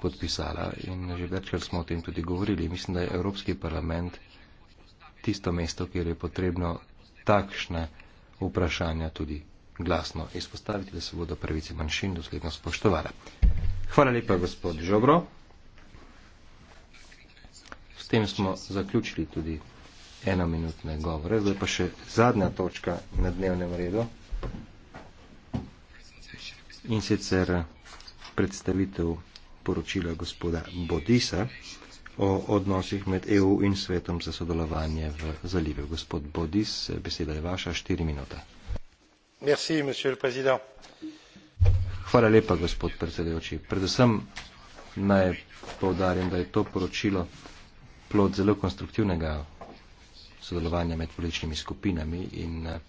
podpisala in že večkrat smo o tem tudi govorili. Mislim, da je Evropski parlament tisto mesto, kjer je potrebno takšne vprašanja tudi glasno izpostaviti, da se bodo pravice manjšin dosledno spoštovale. Hvala lepa, gospod Žobro. S tem smo zaključili tudi enominutne govore. Zdaj pa še zadnja točka na dnevnem redu. In sicer predstavitev poročila gospoda Bodisa o odnosih med EU in svetom za sodelovanje v zalive. Gospod Bodis, beseda je vaša, štiri minuta. Merci, monsieur le président. Hvala lepa, gospod predsedujoči. Predvsem naj povdarim, da je to poročilo plod zelo konstruktivnega sodelovanja med političnimi skupinami in eh,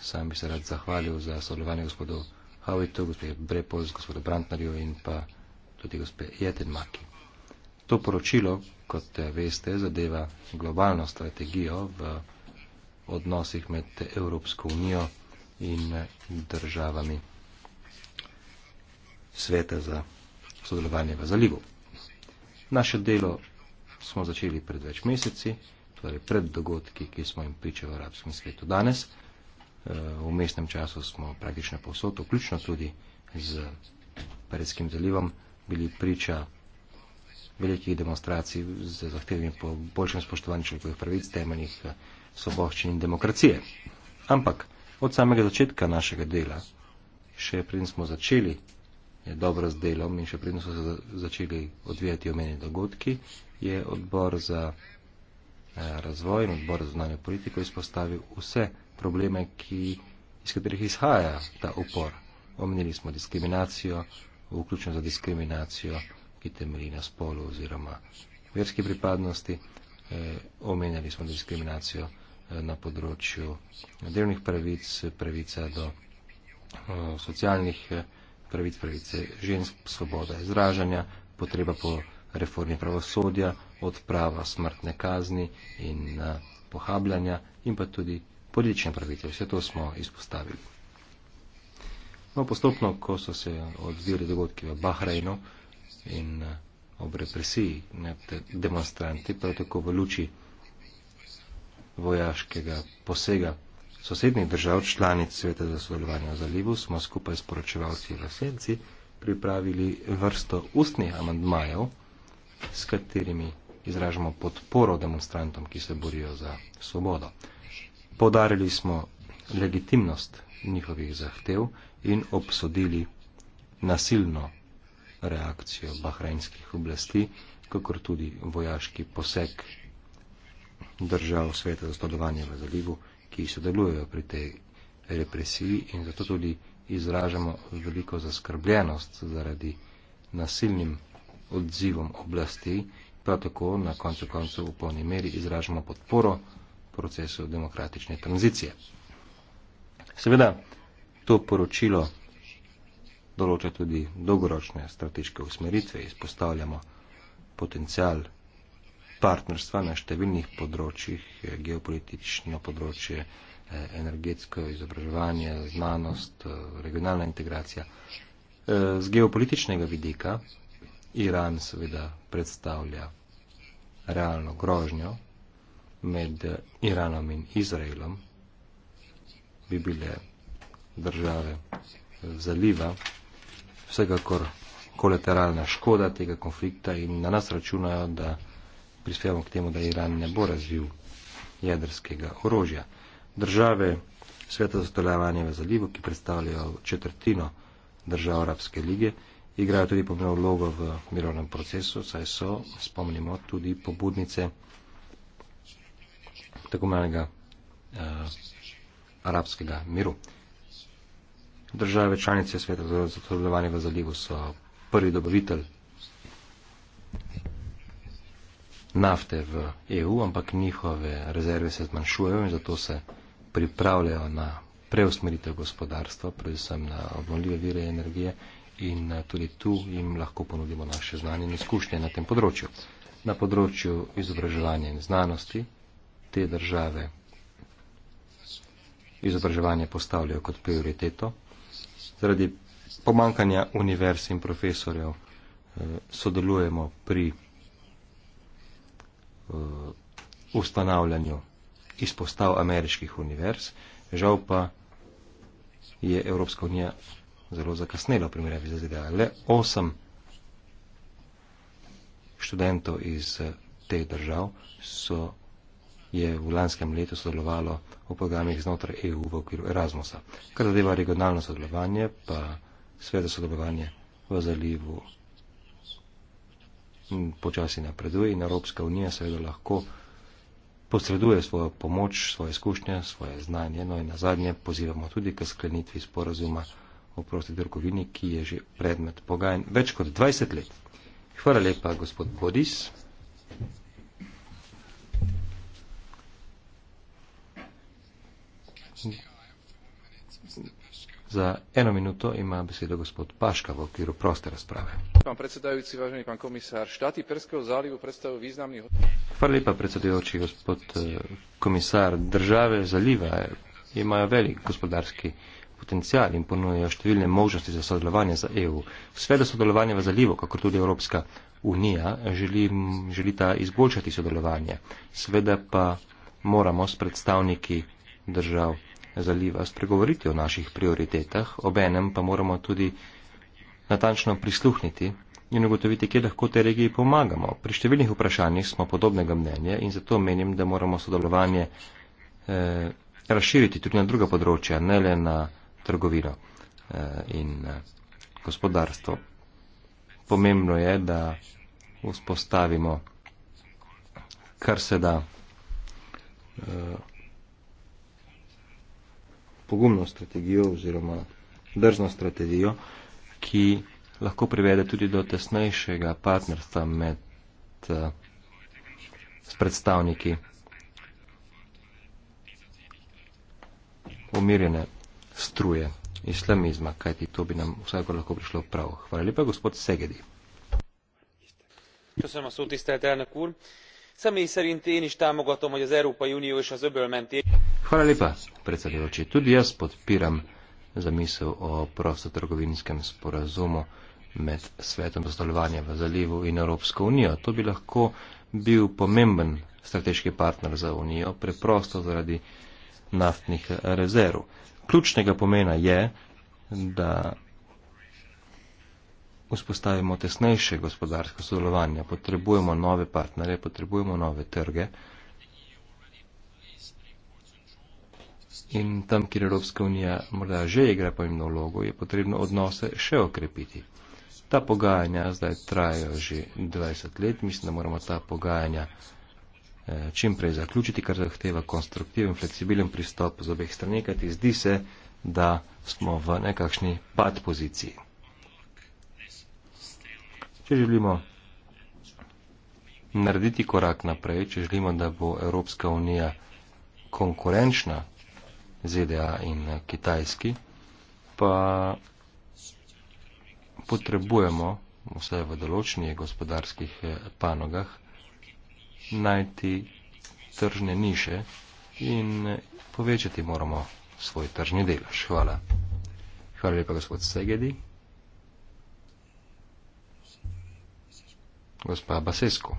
sam bi se rad zahvalil za sodelovanje gospodu Havitu, gospodu Brepoz, gospodu Brantnerju in pa tudi gospe Jetenmaki. To poročilo, kot veste, zadeva globalno strategijo v odnosih med Evropsko unijo in državami sveta za sodelovanje v zalivu. Naše delo smo začeli pred več meseci, torej pred dogodki, ki smo jim priča v arabskem svetu danes. Eh, v mestnem času smo praktično povsod, vključno tudi z Perijskim zalivom, bili priča velikih demonstracij z zahtevami po boljšem spoštovanju človekovih pravic, temeljnih eh, svoboščin in demokracije. Ampak od samega začetka našega dela, še preden smo začeli je dobro z delom in še preden so se začeli odvijati omenjeni dogodki, je odbor za eh, razvoj in odbor za znanje politiko izpostavil vse probleme, ki, iz katerih izhaja ta upor. Omenili smo diskriminacijo, vključno za diskriminacijo, ki temelji na spolu oziroma verski pripadnosti. Eh, omenjali smo diskriminacijo eh, na področju delovnih pravic, pravica do eh, socialnih eh, pravic, pravice žensk, svoboda izražanja, potreba po reformi pravosodja, odprava smrtne kazni in eh, pohabljanja in pa tudi politične pravice. Vse to smo izpostavili. No, postopno, ko so se odvili dogodki v Bahrajnu in eh, ob represiji nad demonstranti, prav tako v luči vojaškega posega sosednjih držav, članic Sveta za sodelovanje v zalivu, smo skupaj s poročevalci v Senci pripravili vrsto ustnih amandmajev, s katerimi izražamo podporo demonstrantom, ki se borijo za svobodo. Podarili smo legitimnost njihovih zahtev in obsodili nasilno reakcijo bahrajnskih oblasti, kakor tudi vojaški poseg držav sveta za stodovanje v zalivu, ki sodelujejo pri tej represiji in zato tudi izražamo veliko zaskrbljenost zaradi nasilnim odzivom oblasti, prav tako na koncu koncu v polni meri izražamo podporo procesu demokratične tranzicije. Seveda, to poročilo določa tudi dolgoročne strateške usmeritve, izpostavljamo potencial partnerstva na številnih področjih, geopolitično področje, eh, energetsko izobraževanje, znanost, eh, regionalna integracija. Eh, z geopolitičnega vidika Iran seveda predstavlja realno grožnjo med Iranom in Izraelom, bi bile države zaliva vsekakor kolateralna škoda tega konflikta in na nas računajo, da prispevamo k temu, da Iran ne bo razvil jedrskega orožja. Države sveta zastoljavanja v zalivu, ki predstavljajo četrtino držav Arabske lige, igrajo tudi pomembno vlogo v mirovnem procesu, saj so, spomnimo, tudi pobudnice tako malega eh, arabskega miru. Države članice sveta za trgovanje v zalivu so prvi dobavitelj nafte v EU, ampak njihove rezerve se zmanjšujejo in zato se pripravljajo na preusmeritev gospodarstva, predvsem na obnovljive vire energije in eh, tudi tu jim lahko ponudimo naše znanje in izkušnje na tem področju. Na področju izobraževanja in znanosti te države izobraževanje postavljajo kot prioriteto. Zaradi pomankanja univerz in profesorjev eh, sodelujemo pri eh, ustanavljanju izpostav ameriških univerz, žal pa je Evropska unija zelo zakasnela v primerjavi za ZDA. Le osem študentov iz eh, teh držav so je v lanskem letu sodelovalo v programih znotraj EU v okviru Erasmusa. Kar zadeva regionalno sodelovanje, pa sveto sodelovanje v zalivu počasi napreduje in Evropska unija seveda lahko posreduje svojo pomoč, svoje izkušnje, svoje znanje. No in na zadnje pozivamo tudi k sklenitvi sporazuma o prosti trgovini, ki je že predmet pogajanj več kot 20 let. Hvala lepa, gospod Bodis. Thank you. Za eno minuto ima besedo gospod Paška v okviru proste razprave. Pan predsedajoči, važeni pan komisar, štati Perskeho zalivu predstavljajo významni hotel. Hvala lepa, predsedajoči gospod eh, komisar. Države zaliva imajo velik gospodarski potencial in ponujajo številne možnosti za sodelovanje za EU. Vse do sodelovanja v zalivu, kako tudi Evropska unija, želi, želi ta izboljšati sodelovanje. Sveda pa moramo s predstavniki držav zaliva spregovoriti o naših prioritetah, obenem pa moramo tudi natančno prisluhniti in ugotoviti, kje lahko tej regiji pomagamo. Pri številnih vprašanjih smo podobnega mnenja in zato menim, da moramo sodelovanje eh, razširiti tudi na druga področja, ne le na trgovino eh, in eh, gospodarstvo. Pomembno je, da vzpostavimo kar se da. Eh, pogumno strategijo oziroma drzno strategijo, ki lahko privede tudi do tesnejšega partnerstva med uh, predstavniki umirjene struje islamizma, kajti to bi nam vsako lahko prišlo prav. Hvala lepa, gospod Segedi. Köszönöm a szót, tisztelt elnök úr! Személy szerint én is támogatom, hogy az Európai Unió és az öbölmentén... Hvala lepa, predsedujoči. Tudi jaz podpiram zamisel o prostotrgovinskem sporazumu med svetom poslovanja v zalivu in Evropsko unijo. To bi lahko bil pomemben strateški partner za unijo, preprosto zaradi naftnih rezerv. Ključnega pomena je, da vzpostavimo tesnejše gospodarsko sodelovanje. Potrebujemo nove partnere, potrebujemo nove trge. In tam, kjer Evropska unija morda že igra pomembno vlogo, je potrebno odnose še okrepiti. Ta pogajanja zdaj trajajo že 20 let, mislim, da moramo ta pogajanja eh, čim prej zaključiti, kar zahteva konstruktiven, fleksibilen pristop z obeh strani, kajti zdi se, da smo v nekakšni pad poziciji. Če želimo narediti korak naprej, če želimo, da bo Evropska unija konkurenčna ZDA in eh, Kitajski, pa potrebujemo vse v določenih gospodarskih eh, panogah najti tržne niše in eh, povečati moramo svoj tržni delež. Hvala. Hvala lepa, gospod Segedi. Gospa Basescu.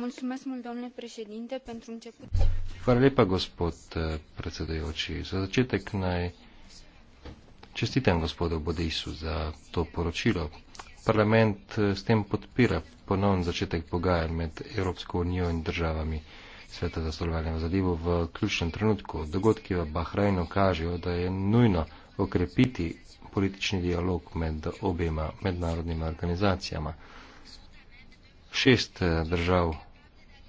Mulțumesc mult, domnule președinte, pentru început. Hvala lepa, gospod eh, predsedajoči. Za začetek naj čestitam gospodu Bodejsu za to poročilo. Parlament eh, s tem podpira ponovno začetek pogajanj med Evropsko unijo in državami sveta za solvanje v zadevu v ključnem trenutku. Dogodki v Bahrajnu kažejo, da je nujno okrepiti politični dialog med obema mednarodnima organizacijama. Šest eh, držav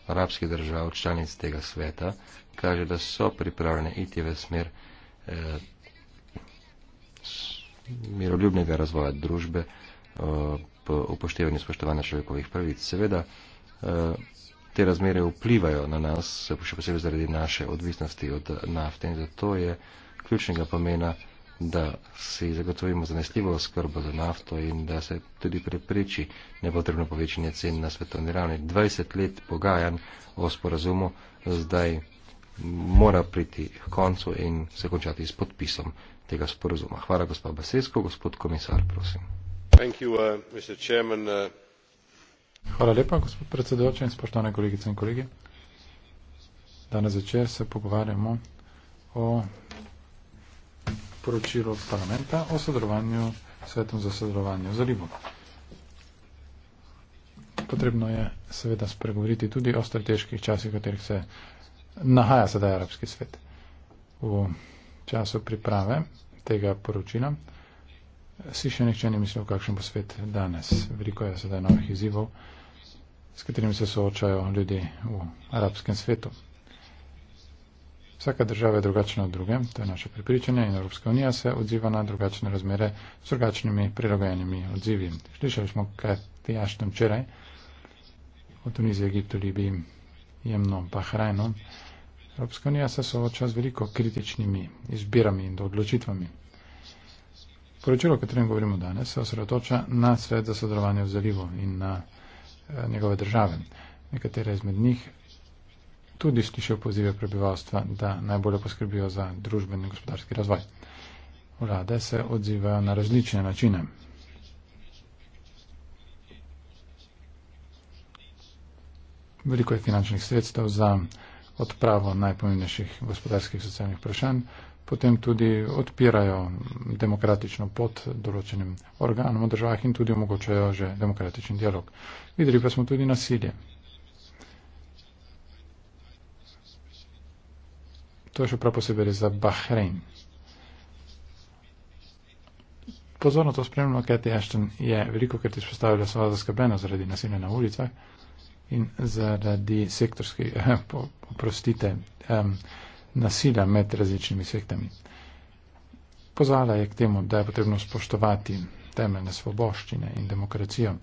arabskih držav, članic tega sveta, kaže, da so pripravljene iti v smer eh, miroljubnega razvoja družbe eh, po upoštevanju spoštovanja človekovih pravic. Seveda, eh, te razmere vplivajo na nas, še posebej zaradi naše odvisnosti od nafte in zato je ključnega pomena eh, da si zagotovimo zanesljivo oskrbo za nafto in da se tudi prepriči nepotrebno povečanje cen na svetovni ravni. 20 let pogajanj o sporazumu zdaj mora priti k koncu in se končati s podpisom tega sporazuma. Hvala gospod Basesko, gospod komisar, prosim. You, uh, Chairman, uh... Hvala lepa, gospod predsedujoči in spoštovane kolegice in kolegi. Danes večer se pogovarjamo o poročilo parlamenta o sodelovanju svetom za sodelovanje z Libom. Potrebno je seveda spregovoriti tudi o strateških časih, v katerih se nahaja sedaj arabski svet. V času priprave tega poročila si še nihče ni mislil, kakšen bo svet danes. Veliko je sedaj novih izzivov, s katerimi se soočajo ljudje v arabskem svetu. Vsaka država je drugačna od druge, to je naše pripričanje in Evropska unija se odziva na drugačne razmere s drugačnimi prilagojenimi odzivi. Slišali smo, kaj je Tijaš tam včeraj, od Tunizije, Egiptu, Libiji, Jemno, Bahrajno. Evropska unija se sooča z veliko kritičnimi izbirami in odločitvami. Poročilo, o katerem govorimo danes, se osredotoča na svet za sodelovanje v zalivu in na eh, njegove države. Nekatere izmed njih tudi slišal pozive prebivalstva, da najbolje poskrbijo za družben in gospodarski razvoj. Vlade se odzivajo na različne načine. Veliko je finančnih sredstev za odpravo najpomembnejših gospodarskih in socialnih vprašanj, potem tudi odpirajo demokratično pot določenim organom v državah in tudi omogočajo že demokratičen dialog. Videli pa smo tudi nasilje. To je še prav posebej res za Bahrein. Pozorno to spremljamo, Kathy Ashton je veliko krat izpostavila svojo zaskrbljenost zaradi nasilja na ulicah in zaradi sektorskih, eh, oprostite, um, nasilja med različnimi sektami. Pozvala je k temu, da je potrebno spoštovati temeljne svoboščine in demokracijo.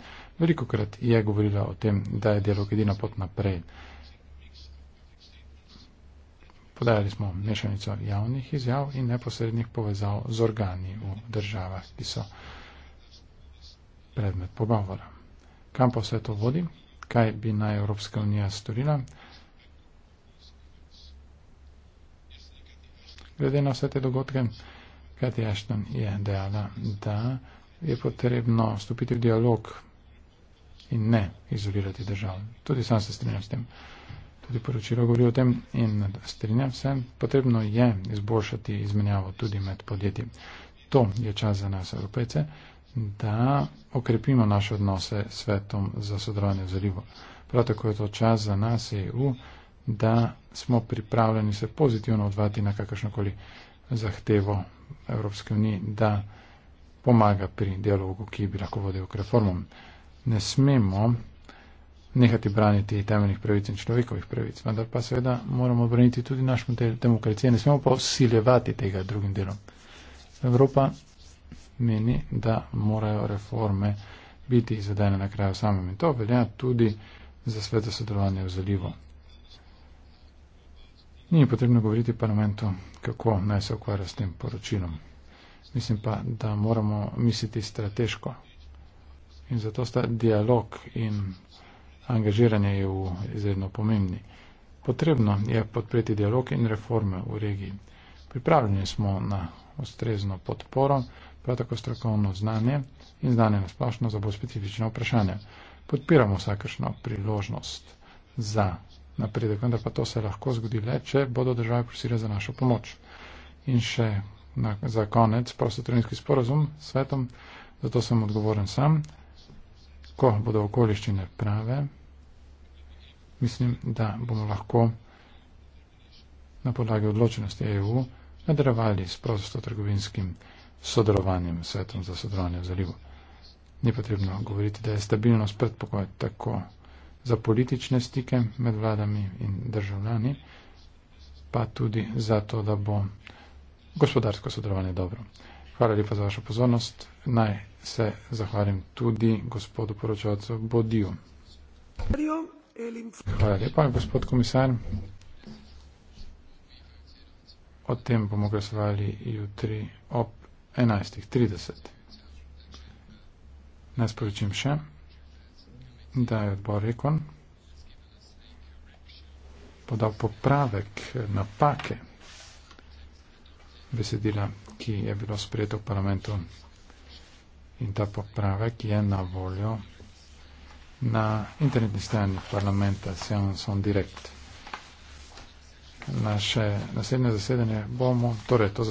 Veliko krat je govorila o tem, da je dialog edina pot naprej. Podajali smo mešanico javnih izjav in neposrednih povezav z organi v državah, ki so predmet pogovora. Kam pa vse to vodi? Kaj bi naj Evropska unija storila? Glede na vse te dogodke, Kati Ashton je dejala, da je potrebno vstopiti v dialog in ne izolirati držav. Tudi sam se strinjam s tem tudi poročilo govori o tem in strinjam se, potrebno je izboljšati izmenjavo tudi med podjetji. To je čas za nas, Evropejce, da okrepimo naše odnose s svetom za sodelovanje v zalivu. Prav tako je to čas za nas, EU, da smo pripravljeni se pozitivno odvati na kakršnokoli zahtevo Evropske unije, da pomaga pri dialogu, ki bi lahko vodil k reformom. Ne smemo nehati braniti temeljnih pravic in človekovih pravic, vendar pa seveda moramo braniti tudi naš model demokracije, ne smemo pa usiljevati tega drugim delom. Evropa meni, da morajo reforme biti izvedene na kraju samem in to velja tudi za sveto sodelovanje v zalivu. Ni potrebno govoriti parlamentu, kako naj se ukvarja s tem poročilom. Mislim pa, da moramo misliti strateško. In zato sta dialog in angažiranje EU izredno pomembni. Potrebno je podpreti dialog in reforme v regiji. Pripravljeni smo na ustrezno podporo, prav tako strokovno znanje in znanje na splošno za bolj specifično vprašanje. Podpiramo vsakršno priložnost za napredek, vendar pa to se lahko zgodi le, če bodo države prosile za našo pomoč. In še na, za konec prostotrinski sporozum s svetom, zato sem odgovoren sam, ko bodo okoliščine prave, mislim, da bomo lahko na podlagi odločenosti EU nadaljevali s prostotrgovinskim sodelovanjem s svetom za sodelovanje v zalivu. Ni potrebno govoriti, da je stabilnost predpogoj tako za politične stike med vladami in državljani, pa tudi za to, da bo gospodarsko sodelovanje dobro. Hvala lepa za vašo pozornost. Naj se zahvalim tudi gospodu poročevalcu Bodiju. Hvala lepa, gospod komisar. O tem bomo glasovali jutri ob 11.30. Naj sporočim še, da je odbor Rekon podal popravek napake besedila, ki je bilo sprejeto v parlamentu. In ta popravek je na voljo na internetni strani parlamenta Seance on Direct. Naše naslednje zasedanje bomo, torej to zasedanje,